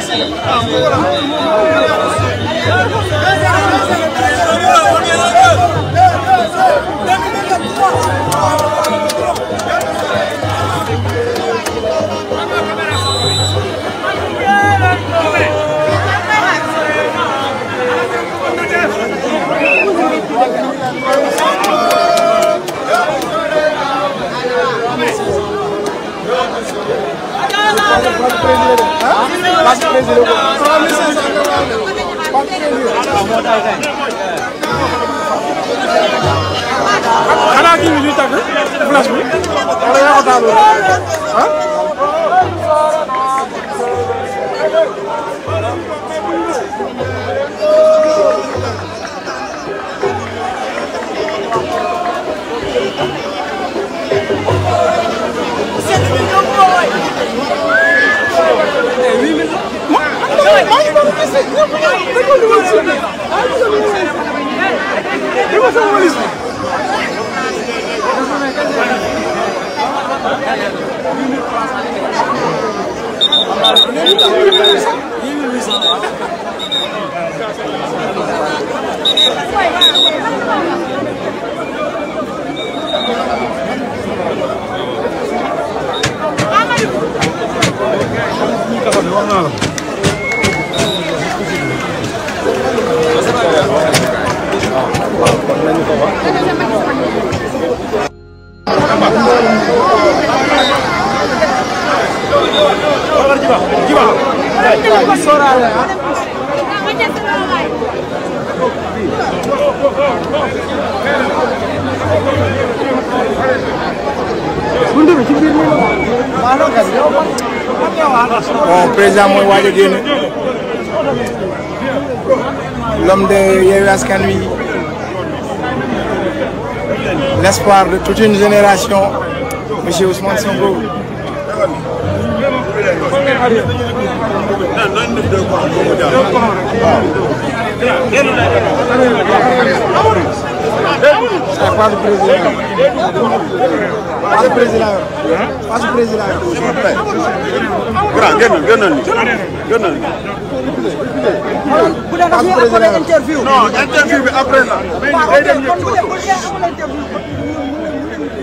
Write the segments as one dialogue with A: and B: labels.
A: Gracias. xanaa kii bi ñuy tàgg flash bi wala yaa ko taaloo ah. Send me your boy. Não, não. l'homme de Yewwi Askan l'espoir de toute une génération monsieur Ousmane Sonko non interview bi après la.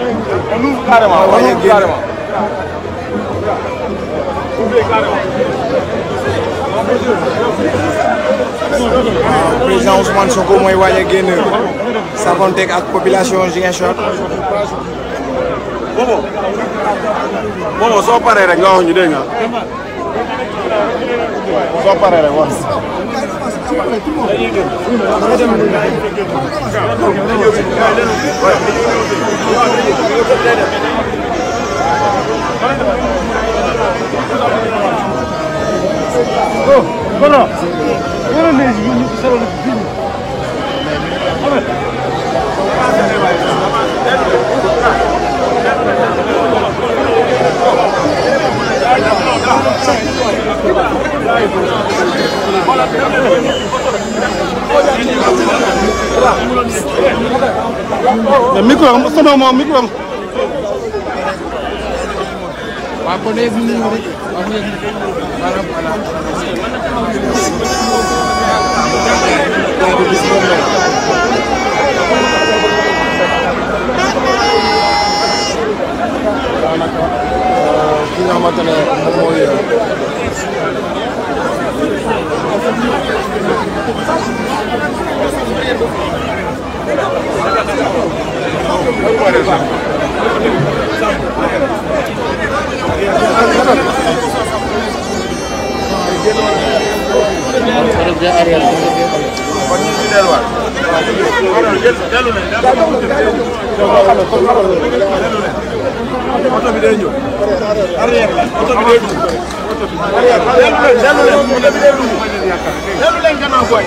A: on ouvre carrément. on ouvre carrément. ouvrez carrément. président Ousmane Sonko mooy waaj a génn safonteeg ak population Ziguinchor. bobo bobo soo paree nga wax ñu dégg nga soo Bro, bro, bro, bro, bro, bro, non moom micro am. waaw kon de yéen ñu rek waaw ñu yéen voilà voilà. daanaka ki nga xamante ne moom mooy. Thank you. Delu leen gannaaw booy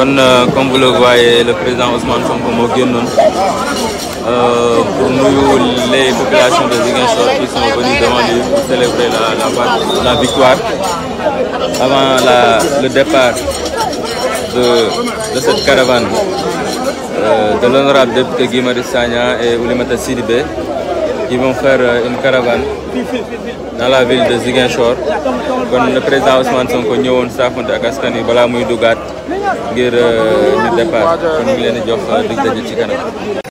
A: Euh, comme vous le voyez le président Ousmane Sonko moo euh, pour nous, les populations de Ziguinchor qui sont venues devant lui pour célébrer la la victoire avant la le départ de de cette caravane euh, de l'honorable député Guy Sanya et Oulimata Sidibé qui vont faire euh, une caravane dans la ville de Ziguinchor le président Ousmane Sonko ñëwoon saafonte ak ngir ñu euh, départ kon ñu ngi leen di jox euh, dig daje ci kanam.